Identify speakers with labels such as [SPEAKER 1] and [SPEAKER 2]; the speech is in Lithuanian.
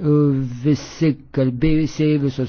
[SPEAKER 1] visi kalbėjusiai, visos